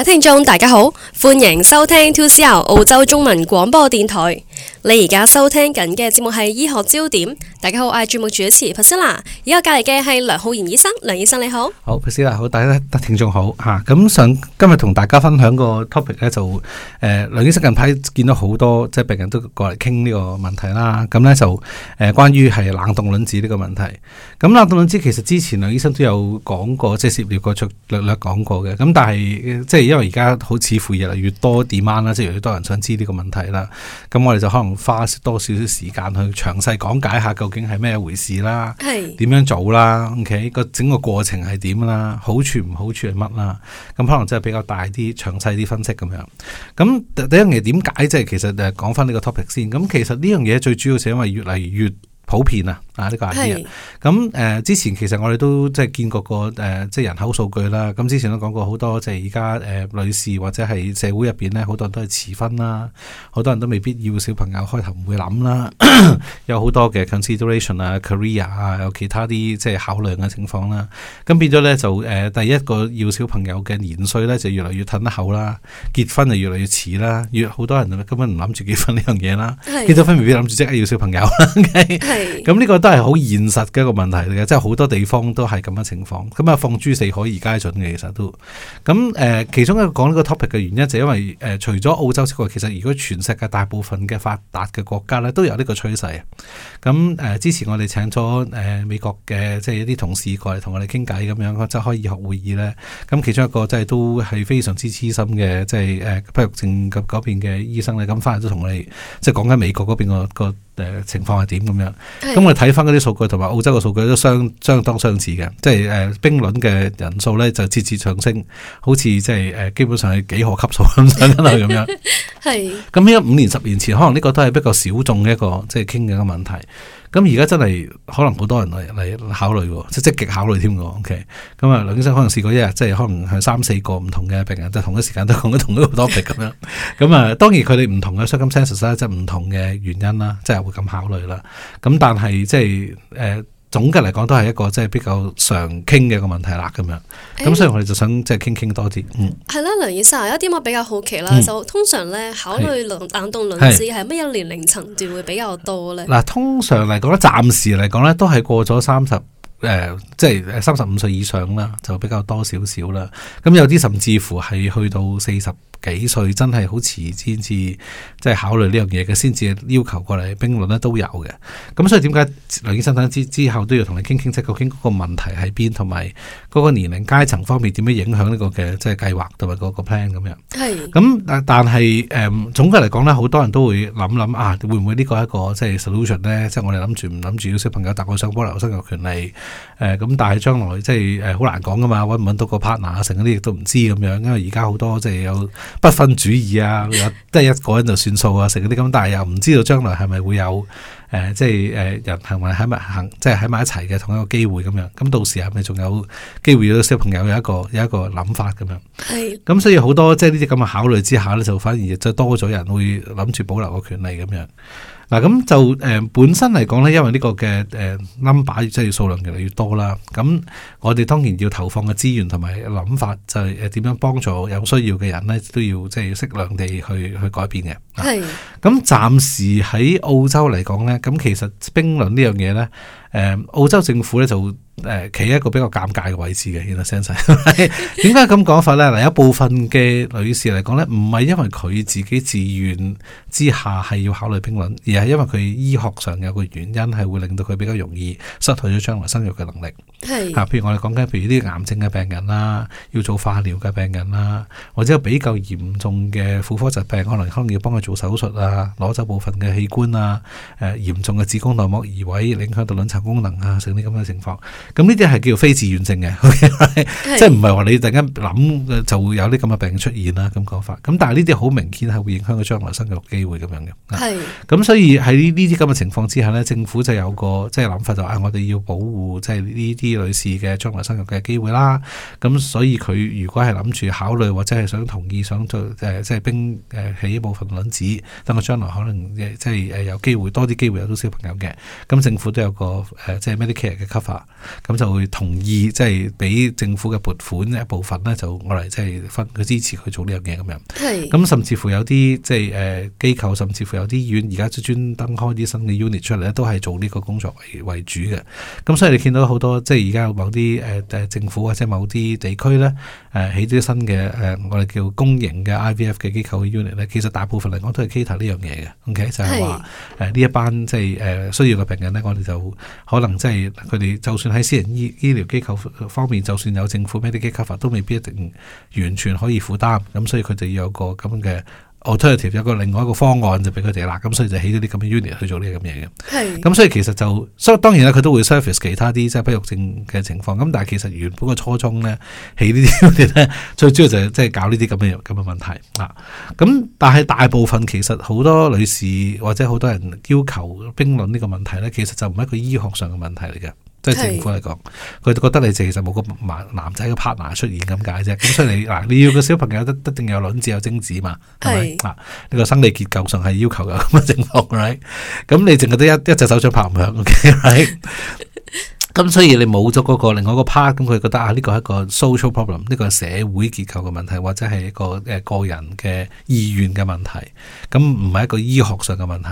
各位聽眾，大家好，歡迎收聽 2CR 澳洲中文廣播電台。你而家收聽緊嘅節目係醫學焦點。大家好，我係注目主持皮斯娜，而我隔籬嘅係梁浩賢醫生，梁醫生你好。好，皮斯娜好，大家聽眾好吓，咁、啊、想今日同大家分享個 topic 咧就誒、呃、梁醫生近排見到好多即係病人都過嚟傾呢個問題啦，咁咧就誒關於係冷凍卵子呢個問題，咁、嗯呃、冷凍卵、嗯、卵子其實之前梁醫生都有講過，即係涉獵過出略略講過嘅，咁、嗯、但係即係因為而家好似乎越嚟越多 demand 啦，即係越多人想知呢個問題啦，咁、嗯、我哋就可能花多少少時間去詳細講解下究竟係咩回事啦？係點樣做啦？OK，個整個過程係點啦？好處唔好處係乜啦？咁可能真係比較大啲、詳細啲分析咁樣。咁第一樣嘢點解？即係其實誒、就是，講翻呢個 topic 先。咁其實呢樣嘢最主要係因為越嚟越普遍啊，啊、這、呢個 idea，咁誒之前其實我哋都即係見過個誒即係人口數據啦。咁之前都講過好多即係而家誒女士或者係社會入邊咧，好多人都係遲婚啦，好多人都未必要小朋友，開頭唔會諗啦， 有好多嘅 consideration 啊，career 啊，Korea, 有其他啲、呃、即係考量嘅情況啦。咁、啊、變咗咧就誒、呃、第一個要小朋友嘅年歲咧就越嚟越褪得後啦，結婚就越嚟越遲啦，越好多人根本唔諗住結婚呢樣嘢啦，是結咗婚未必諗住即刻要小朋友啦。 咁呢個都係好現實嘅一個問題嚟嘅，即係好多地方都係咁嘅情況。咁啊，放諸四海而皆準嘅其實都。咁、嗯、誒，其中一個講呢個 topic 嘅原因就因為誒、呃，除咗澳洲之外，其實如果全世界大部分嘅發達嘅國家咧，都有呢個趨勢。咁、嗯、誒、呃，之前我哋請咗誒、呃、美國嘅即係一啲同事過嚟同我哋傾偈咁樣，即係開醫學會議咧。咁、嗯、其中一個即係都係非常之資深嘅，即係誒不育症嘅嗰邊嘅醫生咧。咁翻嚟都同我哋即係講緊美國嗰邊個個。誒、呃，情況係點咁樣？咁我哋睇翻嗰啲數據同埋澳洲嘅數據都相相當相似嘅，即係誒、呃、冰卵嘅人數咧就節節上升，好似即係誒基本上係幾何級數咁上落咁樣。係， 咁呢五年十年前可能呢個都係比較小眾嘅一個即係傾嘅一個問題。咁而家真係可能好多人嚟嚟考慮喎，即係積極考慮添嘅，OK。咁啊，梁醫生可能試過一日，即係可能係三四個唔同嘅病人，即係同一時間都講得同一個 topic 咁樣。咁啊， 當然佢哋唔同嘅 circumstances 即係唔同嘅原因啦，即係會咁考慮啦。咁但係即係誒。呃總嘅嚟講都係一個即係比較常傾嘅個問題啦，咁樣，咁所以我哋就想即係傾傾多啲，嗯，係啦，梁醫生，有一啲我比較好奇啦，嗯、就通常咧考慮冷冷凍卵子係乜嘢年齡層段會比較多咧？嗱，通常嚟講咧，暫時嚟講咧都係過咗三十，誒，即係三十五歲以上啦，就比較多少少啦，咁有啲甚至乎係去到四十。幾歲真係好遲先至即係考慮呢樣嘢嘅，先至要求過嚟冰輪咧都有嘅。咁所以點解梁醫生等之之後都要同你傾傾，即係究竟嗰個問題喺邊，同埋嗰個年齡階層方面點樣影響呢個嘅即係計劃同埋嗰個 plan 咁樣。係咁是、嗯、但但係誒、嗯，總結嚟講咧，好多人都會諗諗啊，會唔會呢個係一個即係 solution 咧？即係我哋諗住唔諗住，小朋友搭我上波留生育權利。誒咁、嗯，但係將來即係誒好難講㗎嘛，揾唔揾到個 partner 啊，成嗰啲亦都唔知咁樣，因為而家好多即係有不婚主義啊，有即係一個人就算數啊，成嗰啲咁，但係又唔知道將來係咪會有。誒、呃，即係誒，人行埋喺埋行，即係喺埋一齊嘅同一個機會咁樣。咁到時啊，係咪仲有機會要小朋友有一個有一個諗法咁樣。係是。咁、嗯、所以好多即係呢啲咁嘅考慮之下咧，就反而就多咗人會諗住保留個權利咁樣。嗱、啊，咁、嗯、就誒、呃、本身嚟講咧，因為呢個嘅誒 number 即係數量越嚟越多啦。咁、嗯、我哋當然要投放嘅資源同埋諗法，就係誒點樣幫助有需要嘅人咧，都要即係適量地去去改變嘅。係、啊。咁暫是、嗯嗯、時喺澳洲嚟講咧。咁其實冰卵呢樣嘢呢，誒澳洲政府呢就誒企喺一個比較尷尬嘅位置嘅，原來先生，點解咁講法呢？嗱， 一部分嘅女士嚟講呢，唔係因為佢自己自願之下係要考慮冰卵，而係因為佢醫學上有個原因係會令到佢比較容易失去咗將來生育嘅能力。是啊，譬如我哋講緊，譬如啲癌症嘅病人啦，要做化療嘅病人啦，或者有比較嚴重嘅婦科疾病，可能可能要幫佢做手術啊，攞走部分嘅器官啊，誒、呃，嚴重嘅子宮內膜移位，影響到卵巢功能啊，成啲咁嘅情況，咁呢啲係叫非自願性嘅， 是 即係唔係話你突然間諗就會有啲咁嘅病出現啦，咁講法。咁但係呢啲好明顯係會影響佢將來生育機會咁樣嘅。係、嗯，咁是所以喺呢啲咁嘅情況之下呢，政府就有個即係諗法就是，誒、哎，我哋要保護即係呢啲。就是女士嘅將來生育嘅機會啦，咁所以佢如果係諗住考慮或者係想同意想做誒、呃，即係兵誒、呃、起一部分卵子，等佢將來可能即係誒有機會多啲機會有到小朋友嘅，咁、嗯、政府都有個誒、呃、即係 Medicare 嘅 cover，咁、嗯、就會同意即係俾政府嘅撥款一部分咧，就我嚟即係分佢支持佢做呢樣嘢咁樣係。咁是、嗯、甚至乎有啲即係誒機構甚至乎有啲醫院而家專登開醫生嘅 unit 出嚟咧，都係做呢個工作為，為主嘅。咁、嗯、所以你見到好多即係。而家某啲誒誒政府或者某啲地區咧，誒、呃、起啲新嘅誒、呃、我哋叫公營嘅 IVF 嘅機構嘅 unit 咧，其實大部分嚟講都係 cater 呢樣嘢嘅，OK 是就係話誒呢一班即係誒需要嘅病人咧，我哋就可能即係佢哋就算喺私人醫醫療機構方面，就算有政府 medicare cover 都未必一定完全可以負擔，咁所以佢哋要有個咁嘅。alternative 有個另外一個方案就俾佢哋啦，咁所以就起咗啲咁嘅 unit 去做呢啲咁嘢嘅。係是，咁所以其實就，所以當然啦，佢都會 service 其他啲即係不育症嘅情況。咁但係其實原本嘅初衷咧，起呢啲咧最主要就係即係搞呢啲咁嘅咁嘅問題啊。咁但係大部分其實好多女士或者好多人要求冰卵呢個問題咧，其實就唔係一個醫學上嘅問題嚟嘅。即係政府嚟講，佢覺得你其實冇個男仔嘅 partner 出現咁解啫。咁所以你嗱，你要個小朋友都一定有卵子有精子嘛？係咪啊？呢、這個生理結構上係要求有咁嘅情況，咁、right? 你淨係得一一隻手掌拍唔響，OK，係。咁所以你冇咗嗰個另外一個 partner，咁佢覺得啊呢個係一個 social problem，呢個係社會結構嘅問題或者係一個誒個人嘅意願嘅問題，咁唔係一個醫學上嘅問題。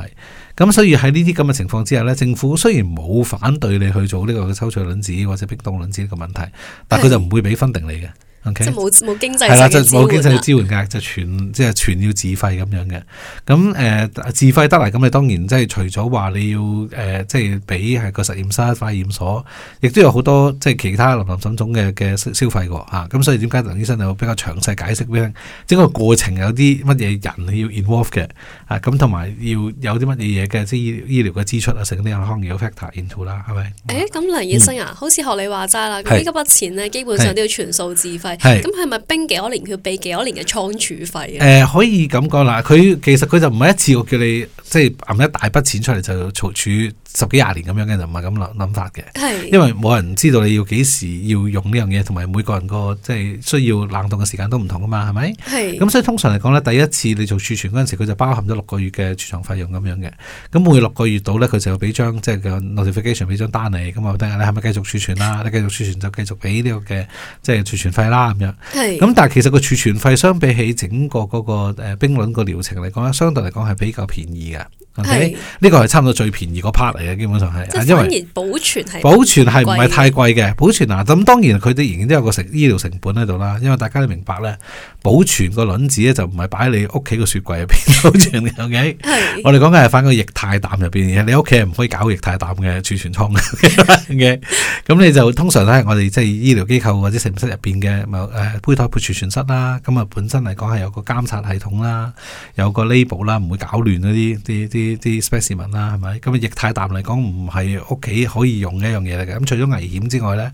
咁所以喺呢啲咁嘅情況之下咧，政府雖然冇反對你去做呢個抽取卵子或者冰凍卵子呢個問題，但佢就唔會俾分定你嘅。即冇冇經濟係啦，冇經濟支援嘅，就全即係全要自費咁樣嘅。咁誒自費得嚟，咁你當然即係除咗話你要誒，即係俾係個實驗室、化驗所，亦都有好多即係其他林林總總嘅嘅消消費嘅吓。咁所以點解梁醫生又比較詳細解釋咧？整個過程有啲乜嘢人要 involve 嘅啊？咁同埋要有啲乜嘢嘢嘅，即係醫醫療嘅支出啊，成啲 health factor into 啦，係咪？誒，咁梁醫生啊，好似學你話齋啦，咁呢個筆錢咧，基本上都要全數自費。係，咁係咪冰幾多年要俾幾多年嘅倉儲費啊？誒、呃，可以咁講啦，佢其實佢就唔係一次我叫你，即係揞一大筆錢出嚟就儲儲十幾廿年咁樣嘅，就唔係咁諗諗法嘅。是因為冇人知道你要幾時要用呢樣嘢，同埋每個人個即係需要冷凍嘅時間都唔同啊嘛，係咪？係是。咁、嗯、所以通常嚟講咧，第一次你做儲存嗰陣時，佢就包含咗六個月嘅儲藏費用咁樣嘅。咁每六個月到咧，佢就要俾張即係個 notification 俾張單你，咁啊，睇下 你係咪繼續儲存啦？你繼續儲存就繼續俾呢個嘅即係儲存費啦。咁樣，咁是但係其實個儲存費相比起整個嗰個誒冰卵個療程嚟講咧，相對嚟講係比較便宜嘅，係咪是？呢個係差唔多最便宜個 part 嚟嘅，基本上係，嗯、因係為 保存係保存係唔係太貴嘅，保存嗱、啊、咁、嗯、當然佢哋仍然都已經有個成醫療成本喺度啦，因為大家都明白咧，保存個卵子咧就唔係擺喺你屋企個雪櫃入邊，保存 okay? 是我哋講緊係放個液態氮入邊嘅，你屋企係唔可以搞液態氮嘅儲存倉嘅，咁 你就通常咧我哋即係醫療機構或者實驗室入邊嘅。誒胚、呃、胎儲存室啦，咁、嗯、啊本身嚟講係有個監察系統啦，有個 label 啦，唔會搞亂嗰啲啲啲啲 specimen 啦，係咪？咁、嗯、液態氮嚟講唔係屋企可以用嘅一樣嘢嚟嘅，咁、嗯、除咗危險之外咧。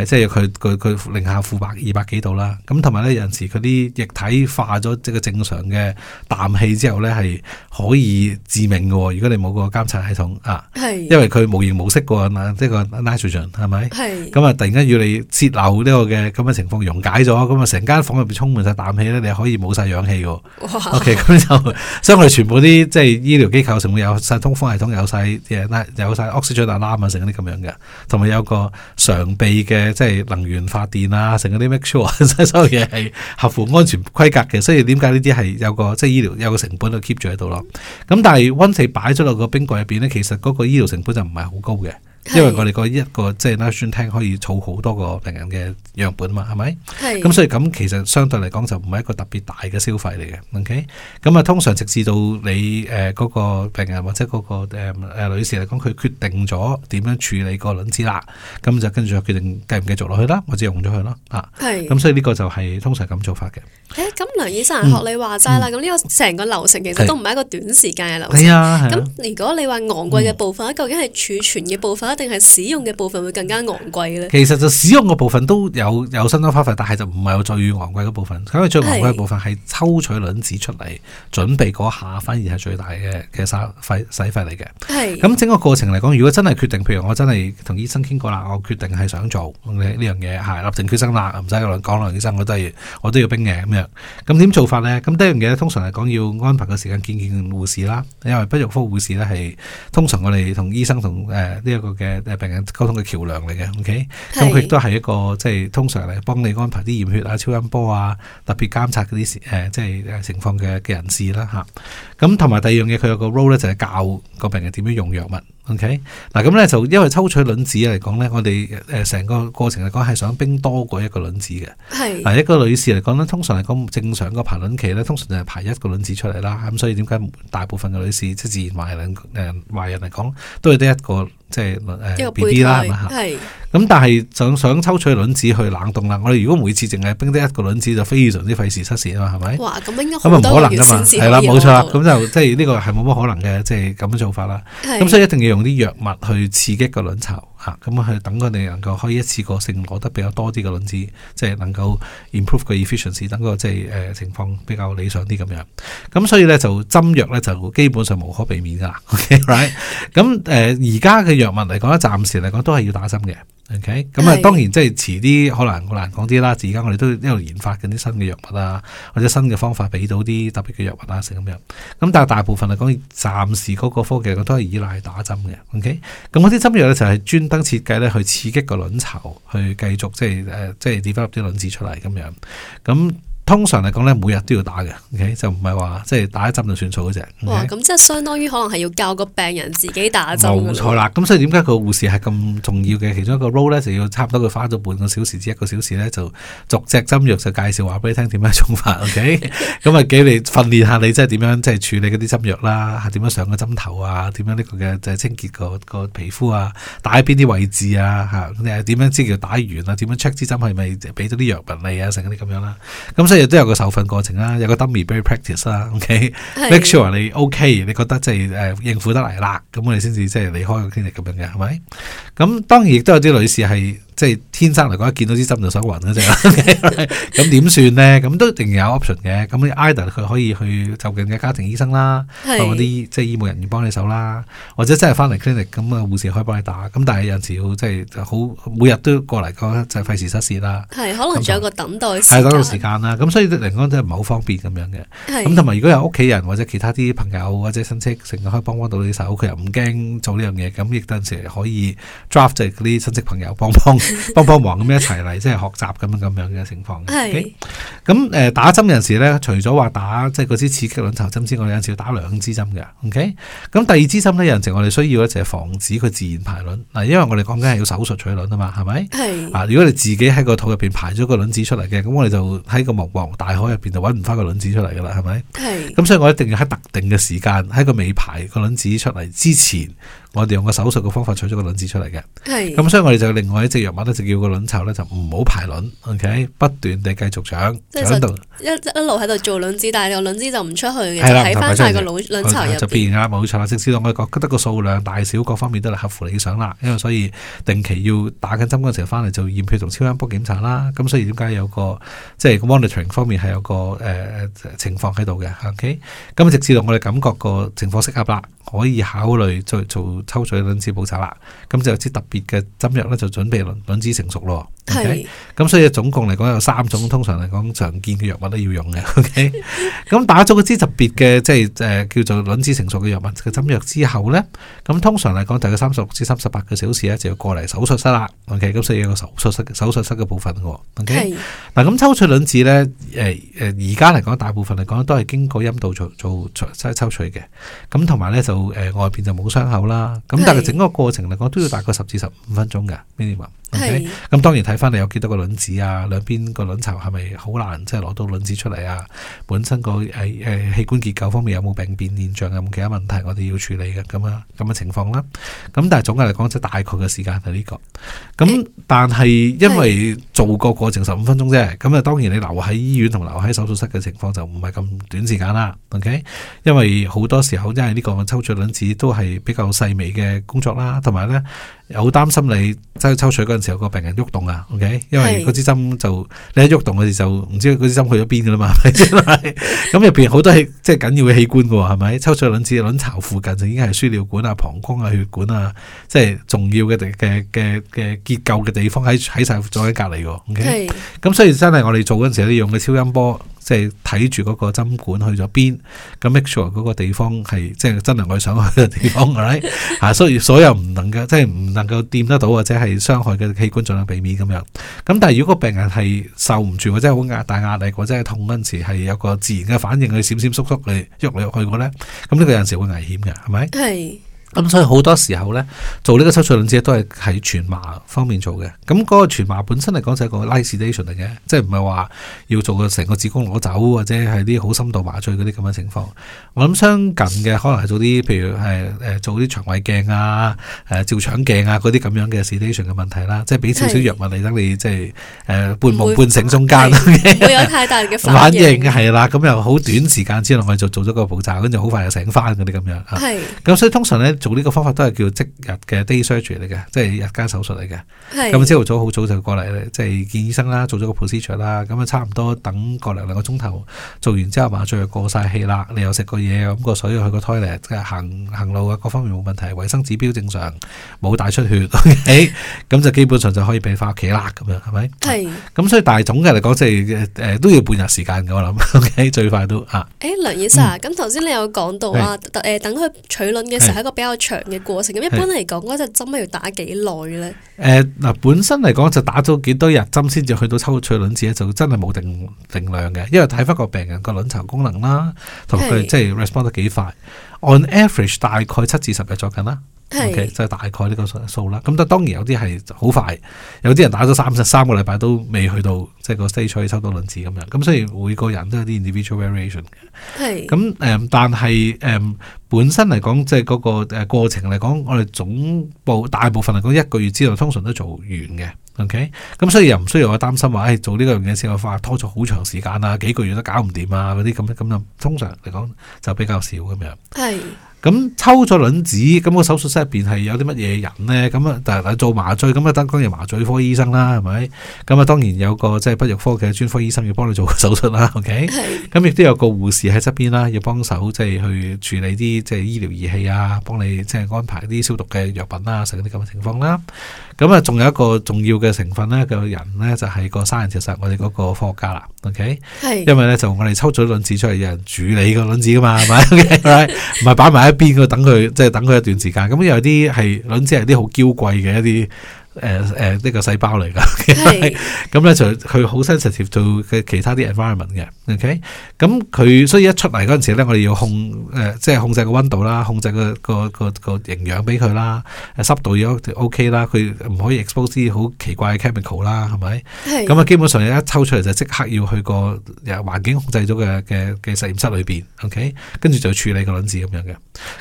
誒，即係佢佢佢零下負百二百幾度啦，咁同埋咧，有陣時佢啲液體化咗，即個正常嘅氮氣之後咧，係可以致命嘅。如果你冇個監察系統啊，係是，因為佢無形無色個嗱，即係個 nitrogen 係咪？係是，咁啊，突然間要你泄漏呢個嘅咁嘅情況溶解咗，咁啊，成間房入邊充滿晒氮氣咧，你可以冇晒氧氣嘅。OK 咁就，所以我哋全部啲即係醫療機構成仲有晒通風系統，有晒即拉，有晒 oxygen alarm 啊，成啲咁樣嘅，同埋有個常備嘅。誒，即係能源發電啊，成嗰啲咩嘢，所有嘢係合乎安全規格嘅，所以點解呢啲係有個即係醫療有個成本都 keep 住喺度咯。咁但係溫氏擺咗落個冰櫃入邊咧，其實嗰個醫療成本就唔係好高嘅。因為我哋個一個即係核酸廳可以儲好多個病人嘅樣本嘛，係咪？咁所以咁其實相對嚟講就唔係一個特別大嘅消費嚟嘅。OK。咁啊，通常直至到你誒嗰個病人或者嗰個誒誒女士嚟講，佢決定咗點樣處理個卵子啦，咁就跟住決定繼唔繼續落去啦，或者用咗佢啦啊。咁所以呢個就係通常咁做法嘅。咁梁醫生學你話齋啦，咁呢個成個流程其實都唔係一個短時間嘅流程。咁如果你話昂貴嘅部分，究竟係儲存嘅部分？一定係使用嘅部分會更加昂貴咧？其實就使用嘅部分都有有相當花費，但係就唔係最昂貴嘅部分，因為最昂貴嘅部分係抽取卵子出嚟是準備嗰下，反而係最大嘅嘅洗費洗費嚟嘅。係咁整個過程嚟講，如果真係決定，譬如我真係同醫生傾過啦，我決定係想做呢、嗯、樣嘢吓，立定決心啦，唔使講講醫生，我都要我都要冰嘅咁樣。咁點做法咧？咁呢樣嘢通常嚟講要安排個時間見見護士啦，因為不育科護士咧係通常我哋同醫生同誒呢一個。嘅誒，病人溝通嘅橋樑嚟嘅，OK，咁佢亦都係一個即係通常嚟幫你安排啲驗血啊、超音波啊、特別監察嗰啲誒，即係情況嘅嘅人士啦吓。咁同埋第二樣嘢，佢有個 role 咧，就係教個病人點樣用藥物。OK 嗱咁咧，就因為抽取卵子嚟講咧，我哋誒成個過程嚟講係想冰多過一個卵子嘅。係嗱是一個女士嚟講咧，通常嚟講正常個排卵期咧，通常就係排一個卵子出嚟啦。咁所以點解大部分嘅女士即自然懷孕誒懷孕嚟講，都係得一個即係誒 B B 啦，係、呃、咪？咁，寶寶是但係想想抽取卵子去冷凍啦。我哋如果每次淨係冰得一個卵子，就非常之費時失事啊嘛，係咪？咁應該咁啊唔可能噶嘛？係啦，冇錯啦，咁就即係呢個係冇乜可能嘅，即係咁樣做法啦。咁所以一定要。是用啲藥物去刺激個卵巢。嚇，咁啊係等佢哋能夠可以一次過性攞得比較多啲嘅卵子，即係能夠 improve 嘅 efficiency，等、個即係誒情況比較理想啲咁樣。咁、嗯、所以咧就針藥咧就基本上無可避免㗎啦。OK，right，咁誒而家嘅藥物嚟講咧，暫時嚟講都係要打針嘅。OK，咁啊當然是即係遲啲可能好難講啲啦。而家我哋都一路研發緊啲新嘅藥物啊，或者新嘅方法俾到啲特別嘅藥物啊，成咁樣。咁、嗯、但係大部分嚟講，暫時嗰個科技都係依賴打針嘅。OK，咁嗰啲針藥咧就係、是、專。燈設計咧，去刺激個卵巢，去繼續即係誒，即係 develop 啲卵子出嚟咁樣咁。嗯通常嚟講咧，每日都要打嘅，OK，就唔係話即係打一針就算數嗰隻。哇，咁、okay？即係相當於可能係要教個病人自己打針。冇錯啦，咁、嗯、所以點解個護士係咁重要嘅？其中一個 role 咧，就要差唔多佢花咗半個小時至一個小時咧，就逐隻針藥就介紹，話俾你聽點樣用法，OK？咁、 就是就是、啊，俾你訓練下你即係點樣，即係處理嗰啲針藥啦，係點樣上個針頭啊？點樣呢個嘅就係清潔個個皮膚啊？打喺邊啲位置啊？吓，你係點樣知叫打完啊？點樣 check 支針係咪俾咗啲藥物你啊？成嗰啲咁樣啦，咁。即係都有個受訓過程啦，有個 dummy bear practice 啦，OK，make sure 你 OK，你覺得即係誒應付得嚟啦，咁我哋先至即係離開個經歷咁樣嘅，係咪？咁、嗯、當然亦都有啲女士係。即係天生嚟講一見到啲針就手暈嗰隻，咁點算咧？咁都一定有 option 嘅。咁阿 Ida 佢可以去就近嘅家庭醫生啦，是或者啲即係醫務人員幫你手啦，或者真係翻嚟 clinic，咁啊護士可以幫你打。咁但係有陣時好，即係好，每日都過嚟個就費事失事啦。可能仲有個等待係嗰個時間啦。咁所以嚟講真係唔係好方便咁樣嘅。咁同埋如果有屋企人或者其他啲朋友或者親戚成日可以幫幫到你手，佢又唔驚做呢樣嘢，咁亦都有陣時可以 draft 就係啲親戚朋友幫幫幫幫 忙咁樣一齊嚟，即係學習咁樣咁樣嘅情況。咁誒、 okay? 呃，打針嗰陣時咧，除咗話打即係嗰支刺激卵巢針之外，有陣時要打兩支針嘅。OK，咁第二支針咧，人情我哋需要咧就係、是、防止佢自然排卵嗱，因為我哋講緊係要手術取卵啊嘛，係咪？啊， 如果你自己喺個肚入邊排咗個卵子出嚟嘅，咁我哋就喺個茫茫大海入邊就揾唔翻個卵子出嚟噶啦，係咪？係咁，所以我一定要喺特定嘅時間喺個未排個卵，卵子出嚟之前。我哋用個手術嘅方法取咗個卵子出嚟嘅，咁是、嗯、所以我哋就另外一隻藥物咧就叫個卵巢咧就唔好排卵，OK？不斷地繼續長，長到一一路喺度做卵子，但係個卵子就唔出去嘅，睇翻晒個卵巢入邊啦，冇錯啦。直至到我哋覺得個數量大小各方面都係合乎理想啦，因為所以定期要打緊針嗰陣時翻嚟做驗血同超音波檢查啦。咁所以點解有個即係、就是、monitoring 方面係有個誒、呃、情況喺度嘅，OK？咁、嗯、直至到我哋感覺個情況適合啦，可以考慮再做。做抽取卵子步驟啦，咁就有支特別嘅針藥咧，就準備卵子成熟咯。係是，咁、okay? 所以總共嚟講有三種，通常嚟講常見嘅藥物都要用嘅。OK，咁 打咗嗰支特別嘅即係誒叫做卵子成熟嘅藥物嘅針藥之後咧，咁通常嚟講大約三十六至三十八個小時咧就要過嚟手術室啦。OK，咁所以有個手術室，手術室嘅部分嘅。OK，嗱，咁抽取卵子咧誒、誒而家嚟講大部分嚟講都係經過陰道做做抽取嘅，咁同埋咧就誒、呃、外邊就冇傷口啦。咁、嗯、但係整個過程嚟講都要大概十至十五分鐘嘅呢啲話，咁、okay? 是嗯、當然睇翻你有幾多個卵子啊，兩邊個卵巢係咪好難即係攞到卵子出嚟啊？本身個誒誒器官結構方面有冇病變現象，有冇其他問題我哋要處理嘅咁啊咁嘅情況啦。咁、嗯、但係總嘅嚟講即係大概嘅時間係呢個。咁、嗯哎、但係因為做個過，過程十五分鐘啫，咁啊是當然你留喺醫院同留喺手術室嘅情況就唔係咁短時間啦。O、okay? K，因為好多時候因為呢個抽取卵子都係比較細嘅工作啦，同埋咧又好擔心你真係抽水嗰陣時候，有個病人喐動啊。OK，因為嗰支針就你一喐動，我哋就唔知嗰支針去咗邊噶啦嘛，係咪是的？ 咁入邊好多係即係緊要嘅器官噶，係咪？抽水卵子卵巢附近就已經係輸尿管啊、膀胱啊、血管啊，即係重要嘅嘅嘅嘅嘅結構嘅地方喺喺晒坐喺隔籬。OK，咁是的、嗯、所以真係我哋做嗰陣時候，都用嘅超音波。即係睇住嗰個針管去咗邊，咁 make sure 嗰個地方係即係真係我想去嘅地方，係咪？吓，所以所有唔能，能夠，即係唔能夠掂得到或者係傷害嘅器官盡量避免咁樣。咁但係如果個病人係受唔住，或者係好壓大壓力，或者係痛嗰陣時係有個自然嘅反應去閃閃縮縮去喐嚟喐去嘅咧，咁呢個有陣時會危險嘅，係咪？係。咁所以好多時候咧，做呢個抽取卵子都係喺全麻方面做嘅。咁嗰個全麻本身嚟講就係一個 light sedation 嚟嘅，即係唔係話要做個成個子宮攞走，或者係啲好深度麻醉嗰啲咁嘅情況。我諗相近嘅可能係做啲譬如係誒做啲腸胃鏡啊、誒照腸鏡啊嗰啲咁樣嘅 sedation 嘅問題啦，即係俾少少藥物嚟等你即係誒半夢半醒中間，唔會有太大嘅反應嘅係啦。咁又好短時間之內我哋就做咗個補習，跟住好快就醒翻嗰啲咁樣。係咁，所以通常咧。做呢個方法都係叫即日嘅 day surgery 嚟嘅，即係日間手術嚟嘅。咁朝頭早好早就過嚟，即、就、係、是、見醫生啦，做咗個 procedure 啦。咁啊，差唔多等過量兩個鐘頭，做完之後麻醉過晒氣啦。你又食過嘢，飲過水，去過廁嚟，即係行行路啊，各方面冇問題，衞生指標正常，冇帶出血。咁、okay? 就 基本上就可以俾翻屋企啦。咁是樣係咪？係。咁所以大總嘅嚟講，即係誒都要半日時間嘅我諗，okay? 最快都啊。誒、欸、梁醫生、啊，咁頭先你有講到啊，誒等佢取卵嘅時候係是 一個比較。長嘅過程咁，一般嚟講嗰隻針咧要打幾耐呢？誒、呃，嗱、呃，本身嚟講就打咗幾多日針先至去到抽取卵子咧，就真係冇定定量嘅，因為睇翻個病人個卵巢功能啦，同佢是即係 respond 得幾快。是 On average 大概七至十日作右啦。係，即係是、okay, 大概呢個數啦。咁但當然有啲係好快，有啲人打咗三十三個禮拜都未去到，即、就、係、是、個 stage 彩抽到卵子咁樣。咁所以每個人都有啲 individual variation 嘅，係是。咁誒、嗯，但係誒、嗯、本身嚟講，即係嗰個誒過程嚟講，我哋總部大部分嚟講，一個月之內通常都做完嘅。OK，咁、嗯、所以又唔需要我擔心話，誒、哎、做呢個樣嘢先有花拖咗好長時間啊，幾個月都搞唔掂啊嗰啲咁咁又通常嚟講就比較少咁樣。係。咁抽咗卵子，咁個手術室入邊係有啲乜嘢人咧？咁啊，但係做麻醉咁啊，當然有麻醉科醫生啦，係咪？咁啊，當然有個即係不育科嘅專科醫生要幫你做手術啦。O K.，咁亦都有個護士喺側邊啦，要幫手即係去處理啲即係醫療儀器啊，幫你即係安排啲消毒嘅藥品啊，成啲咁嘅情況啦。咁啊，仲有一個重要嘅成分咧嘅人咧，就係、是、個生人其實、就是、我哋嗰個科學家啦。O K.，是因為咧就我哋抽咗卵子出嚟，有人處理個卵子噶嘛，係咪？唔係擺埋邊，佢等佢，即係等佢一段時間。咁、嗯、有啲係卵子係啲好嬌貴嘅一啲。誒誒，呢個細胞嚟噶，咁咧就佢好 sensitive to 嘅其他啲 environment 嘅，OK？咁佢所以一出嚟嗰陣時咧，我哋要控誒，即係控制個溫度啦，控制個個個個營養俾佢啦，濕度要 OK 啦，佢唔可以 expose 啲好奇怪嘅 chemical 啦，係咪？咁啊，基本上一抽出嚟就即刻要去個環境控制咗嘅嘅嘅實驗室裏邊，OK？跟住就處理個卵子咁樣嘅，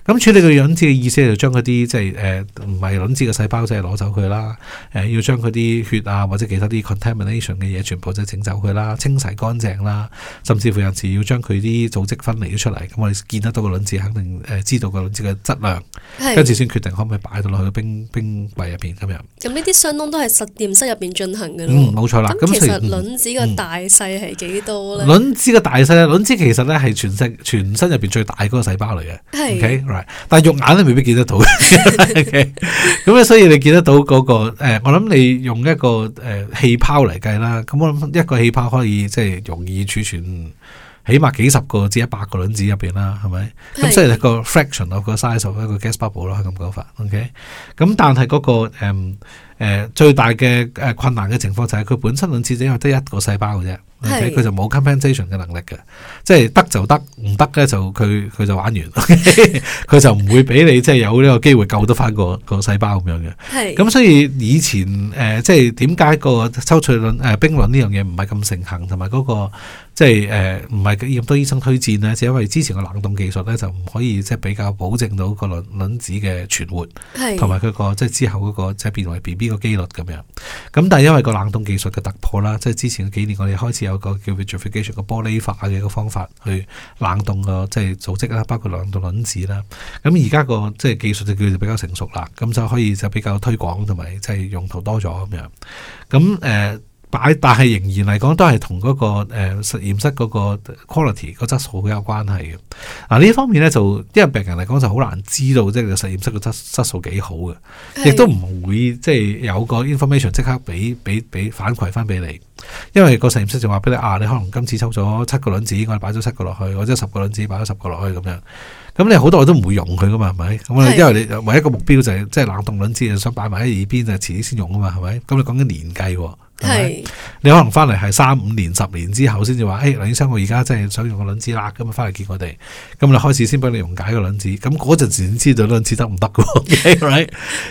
咁處理個卵子嘅意思就將嗰啲即係誒唔係卵子嘅細胞即係攞走佢啦。誒，要將佢啲血啊，或者其他啲 contamination 嘅嘢，全部即係整走佢啦，清洗乾淨啦，甚至乎有時要將佢啲組織分離咗出嚟，咁我哋見得到個卵子，肯定誒知道個卵子嘅質量，是跟住先決定可唔可以擺到落去冰冰櫃入邊咁樣。咁呢啲相當都係實驗室入邊進行嘅。冇錯、嗯、啦。咁、嗯、其實卵子個大細係幾多咧？卵子個大細卵子其實咧係全世全身入邊最大嗰個細胞嚟嘅。係是，okay? right? 但係肉眼都未必見得到嘅。咁 Okay? 嗯、所以你見得到嗰、那個。誒、呃，我諗你用一個誒氣、呃、泡嚟計啦，咁、嗯、我諗一個氣泡可以即係容易儲存，起碼幾十個至一百個卵子入邊啦，係咪？咁所以個 fraction 我個 size 做一個 gas bubble 咯，咁講法，OK？咁、嗯、但係嗰、那個誒誒、嗯呃、最大嘅誒、呃、困難嘅情況就係佢本身卵子只有得一個細胞嘅啫。佢、okay? 就冇 compensation 嘅能力嘅，即係得就得，唔得咧就佢佢就玩完，佢、okay? 就唔會俾你即係有呢個機會救得翻個個細胞咁樣嘅。係，咁所以以前誒、呃，即係點解個抽萃論誒冰卵呢樣嘢唔係咁盛行，同埋嗰個。即係誒，唔係咁多醫生推薦咧，就因為之前個冷凍技術咧就唔可以即係比較保證到個卵卵子嘅存活，同埋佢個即係之後嗰個即係變為 B B 個機率咁樣。咁但係因為個冷凍技術嘅突破啦，即係之前嘅幾年我哋開始有個叫 vitrification 個玻璃化嘅一個方法去冷凍個即係組織啦，包括冷凍卵子啦。咁而家個即係技術就叫做比較成熟啦，咁就可以就比較推廣同埋即係用途多咗咁樣。咁誒。呃但但係仍然嚟講，都係同嗰個誒、呃、實驗室嗰個 quality 個質素好有關係嘅。嗱、啊、呢方面咧，就因為病人嚟講就好難知道即係個實驗室個質質素幾好嘅，亦的都唔會即係有個 information 即刻俾俾俾反饋返俾你。因為個實驗室就話俾你啊，你可能今次抽咗七個卵子，我係擺咗七個落去，或者十個卵子擺咗十個落去咁樣。咁你好多我都唔會用佢㗎嘛，係咪？咁啊，因為你唯的一個目標就係、是、即係冷凍卵子，想擺埋喺耳邊就是、遲啲先用啊嘛，係咪？咁你講緊年計喎。係，你可能翻嚟係三五年、十年之後先至話，誒、哎，梁醫生，我而家真係想用個卵子啦，咁啊，翻嚟見我哋，咁啊開始先幫你溶解個卵子，咁嗰陣時先知道卵子得唔得㗎，咁、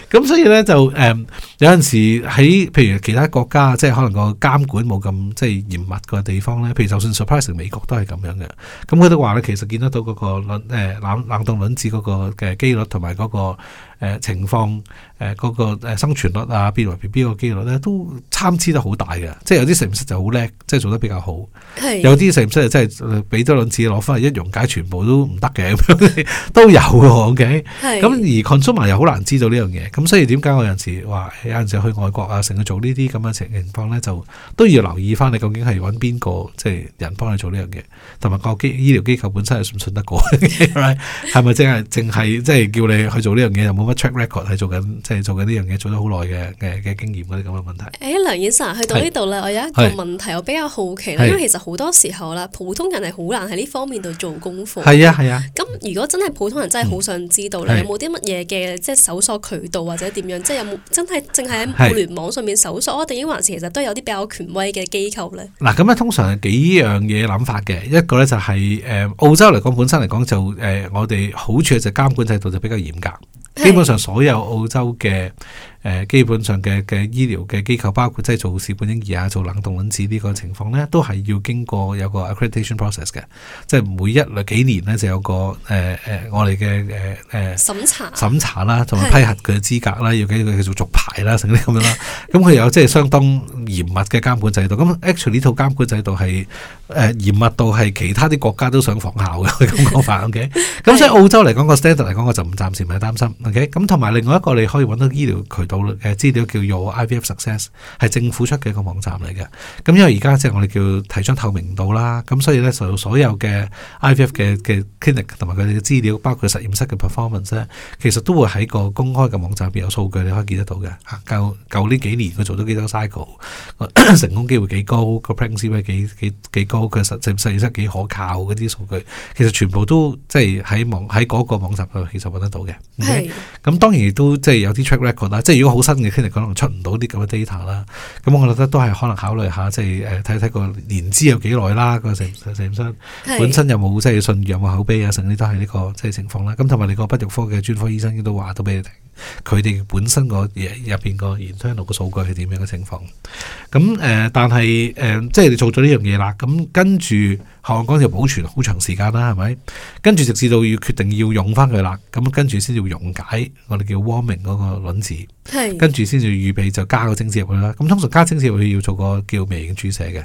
right? 所以咧就誒、um, 有陣時喺譬如其他國家，即係可能個監管冇咁即係嚴密嘅地方咧，譬如就算 surprise 成美國都係咁樣嘅，咁佢都話咧其實見得到嗰個卵誒冷、欸、冷凍卵子嗰個嘅機率同埋嗰個。誒、呃、情況誒嗰、呃、個生存率啊，變為 BB 個機率咧，都參差得好大嘅。即係有啲實驗室就好叻，即係做得比較好；是有啲實驗室就真係俾多兩次攞翻嚟一溶解，全部都唔得嘅咁樣都有嘅。OK，咁是而 consumer 又好難知道呢樣嘢。咁、嗯、所以點解我有陣時話有陣時去外國啊，成日做呢啲咁嘅情情況咧，就都要留意翻你究竟係揾邊個即係人幫你做呢樣嘢，同埋個機醫療機構本身係信唔信得過？係咪？ 係咪？淨係即係叫你去做呢樣嘢又冇。track record 係做緊，即、就、係、是、做緊呢樣嘢，做咗好耐嘅嘅嘅經驗嗰啲咁嘅問題。誒、哎，梁醫生去到呢度咧，是我有一個問題，我比較好奇咧，是因為其實好多時候啦，普通人係好難喺呢方面度做功課。係啊，係啊。咁如果真係普通人真係好想知道咧，嗯、有冇啲乜嘢嘅即係搜索渠道或者點樣，是即係有冇真係淨係喺互聯網上面搜索，定還是其實都有啲比較權威嘅機構咧。嗱，咁咧通常係幾樣嘢諗法嘅，一個咧就係、是、誒澳洲嚟講本身嚟講就誒，就就我哋好處就係監管制度就比較嚴格。基本上所有澳洲嘅。誒基本上嘅嘅醫療嘅機構，包括即係做試管嬰兒啊、做冷凍卵子呢個情況咧，都係要經過有個 accreditation process 嘅，即係每一嚟幾年咧就有個誒誒、呃呃、我哋嘅誒誒審查審查啦，同埋批核佢嘅資格啦，是要佢佢做續牌啦，成啲咁樣啦。咁、嗯、佢有即係相當嚴密嘅監管制度。咁、嗯、actually 呢套監管制度係誒、呃、嚴密到係其他啲國家都想仿效嘅咁講法。OK，咁是所以澳洲嚟講個 standard 嚟講，我就唔暫時唔係擔心。OK，咁同埋另外一個你可以揾到醫療渠到嘅資料叫做 Your IVF Success，係政府出嘅一個網站嚟嘅。咁因為而家即係我哋叫提倡透明度啦，咁所以咧就所有嘅 IVF 嘅嘅 clinic 同埋佢哋嘅資料，包括實驗室嘅 performance，其實都會喺個公開嘅網站入邊有數據，你可以見得，得到嘅。嚇，舊舊呢幾年佢做咗幾多 cycle， 成功機會幾高，個 precision 幾幾高，佢實實驗室幾可靠嗰啲數據，其實全部都即係喺網喺嗰個網站度其實揾得到嘅。咁係當然都即係有啲 track record 啦，即係。如果好新嘅，可能出唔到啲咁嘅 data 啦。咁我覺得都係可能考慮下，即係誒睇睇個年資有幾耐啦。個成成本身有冇即係信仰，有口碑啊？成啲都係呢、呢個即係情況啦。咁同埋你個不育科嘅專科醫生亦都話到俾你聽，佢哋本身、嗰個嘢入邊個 research 個數據係點樣嘅情況。咁、嗯、誒、呃，但係誒、呃，即係你做咗呢樣嘢啦。咁跟住。行嗰就保存好長時間啦，係咪？跟住直至到要決定要用翻佢啦，咁跟住先要溶解，我哋叫 warming 嗰個卵子，是跟住先至預備就加個精子入去啦。咁通常加精子佢要做個叫微型注射嘅，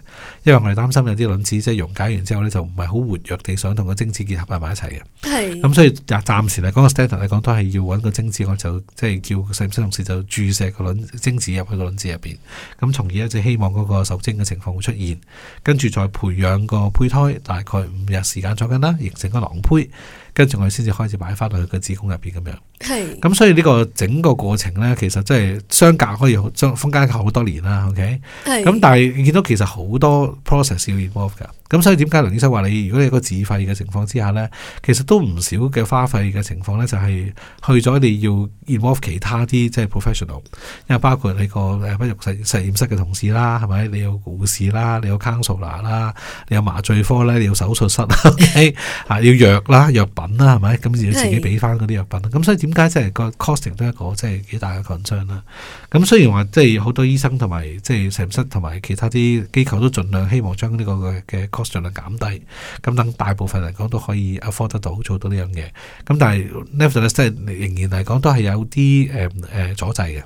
因為我哋擔心有啲卵子即係溶解完之後咧就唔係好活躍地想同個精子結合埋埋一齊嘅。係咁是、嗯、所以暫暫時咧，講、個 status 嚟講都係要揾個精子，我就即係叫實驗室同事就注射個卵精子入去個卵子入邊，咁從而咧就希望嗰個受精嘅情況會出現，跟住再培養個胚胎。大概五日時間做緊啦，形成個囊胚，跟住我哋先至開始擺翻落去佢個子宮入邊咁樣。係是，咁所以呢個整個過程咧，其實即係相隔可以分隔好多年啦。OK，咁是但係你見到其實好多 process 要 involve 噶。咁所以點解梁醫生話你如果你一個自費嘅情況之下呢，其實都唔少嘅花費嘅情況呢，就係、是、去咗你要 involve 其他啲即係 professional，因為包括你個誒不育實實驗室嘅同事啦，係咪？你有護士啦，你有 counselor 啦，你有麻醉科咧，你有手術室啦，OK 嚇， 要藥啦、藥品啦，係咪？咁要自己俾翻嗰啲藥品。咁是所以點解即係個 costing 都一個即係幾大嘅緊張啦？咁雖然話即係好多醫生同埋即係實驗室同埋其他啲機構都盡量希望將呢個嘅。盡量減低，咁等大部分嚟講都可以 afford 得到，做到呢樣嘢。咁但係 nevertheless 咧，即係、嗯、仍然嚟講都係有啲誒誒阻滯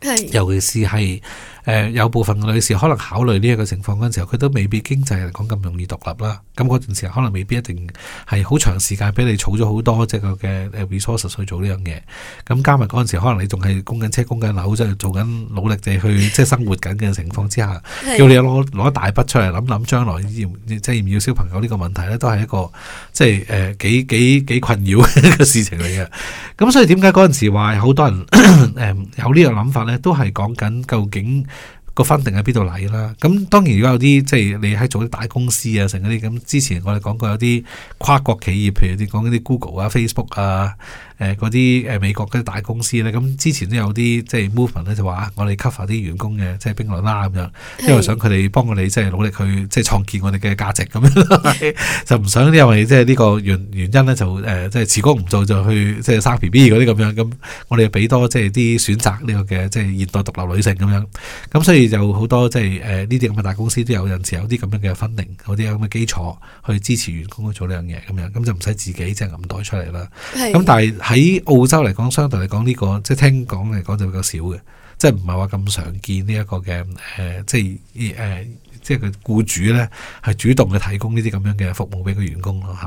嘅，是尤其是係。誒、呃，有部分嘅女士可能考慮呢一個情況嗰陣時候，佢都未必經濟嚟講咁容易獨立啦。咁嗰段時間可能未必一定係好長時間俾你儲咗好多即係個嘅 resource 去做呢樣嘢。咁、嗯、加埋嗰陣時，可能你仲係供緊車、供緊樓，即係做緊努力地去即係生活緊嘅情況之下，要是你攞攞一大筆出嚟諗諗將來,想想想來即係要唔要小朋友呢個問題咧，都係一個即係誒幾幾幾困擾嘅事情嚟嘅。咁、嗯、所以點解嗰陣時話好多人誒 有個呢個諗法咧，都係講緊究竟？個分定喺邊度嚟啦？咁當然如果有啲即係你喺做啲大公司啊，成嗰啲咁。之前我哋講過有啲跨國企業，譬如你講嗰啲 Google 啊、Facebook 啊。誒嗰啲誒美國嗰啲大公司咧，咁之前都有啲即係 movement 咧，就話、啊、我哋 cover 啲員工嘅，即係冰卵啦咁樣，因為想佢哋幫我哋即係努力去即係創建我哋嘅價值咁樣，哈哈就唔想因為即係呢個原原因咧，就誒即係辭工唔做就去即係生 BB 嗰啲咁樣咁，我哋俾多即係啲選擇呢個嘅即係現代獨立女性咁樣。咁所以就好多即係誒呢啲咁嘅大公司都有有時有啲咁樣嘅 funding 嗰啲咁嘅基礎去支持員工去做呢樣嘢咁樣，咁就唔使自己即係揞袋出嚟啦。咁的但係。喺澳洲嚟講，相對嚟講呢個，即係聽講嚟講就比較少嘅，即係唔係話咁常見呢一個嘅，誒、呃，即係誒、呃，即係佢雇主咧係主動去提供呢啲咁樣嘅服務俾個員工咯吓。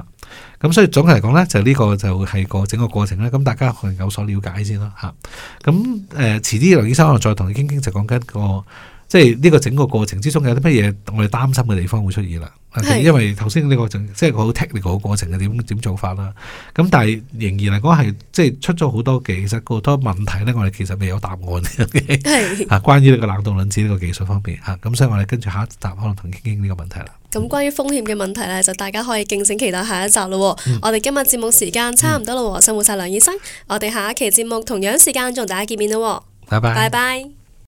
咁、啊、所以，總體嚟講咧，就呢個就係個整個過程咧。咁大家可能有所了解先啦吓。咁、啊、誒，遲啲、呃、梁醫生我再同你傾傾，就講緊個。即係呢個整個過程之中有啲乜嘢我哋擔心嘅地方會出現啦，是因為頭先呢個即係我好 technical 嘅過程嘅點點做法啦。咁但係仍然嚟講係即係出咗好多技術好多問題咧，我哋其實未有答案嘅。係、嗯、是關於呢個冷凍卵子呢個技術方面吓，咁、嗯、所以我哋跟住下一集可能同傾傾呢個問題啦。咁、嗯、關於風險嘅問題咧，就大家可以敬請期待下一集咯。嗯、我哋今日節目時間差唔多啦，辛苦晒梁醫生。我哋下一期節目同樣時間同大家見面咯。拜拜。拜拜。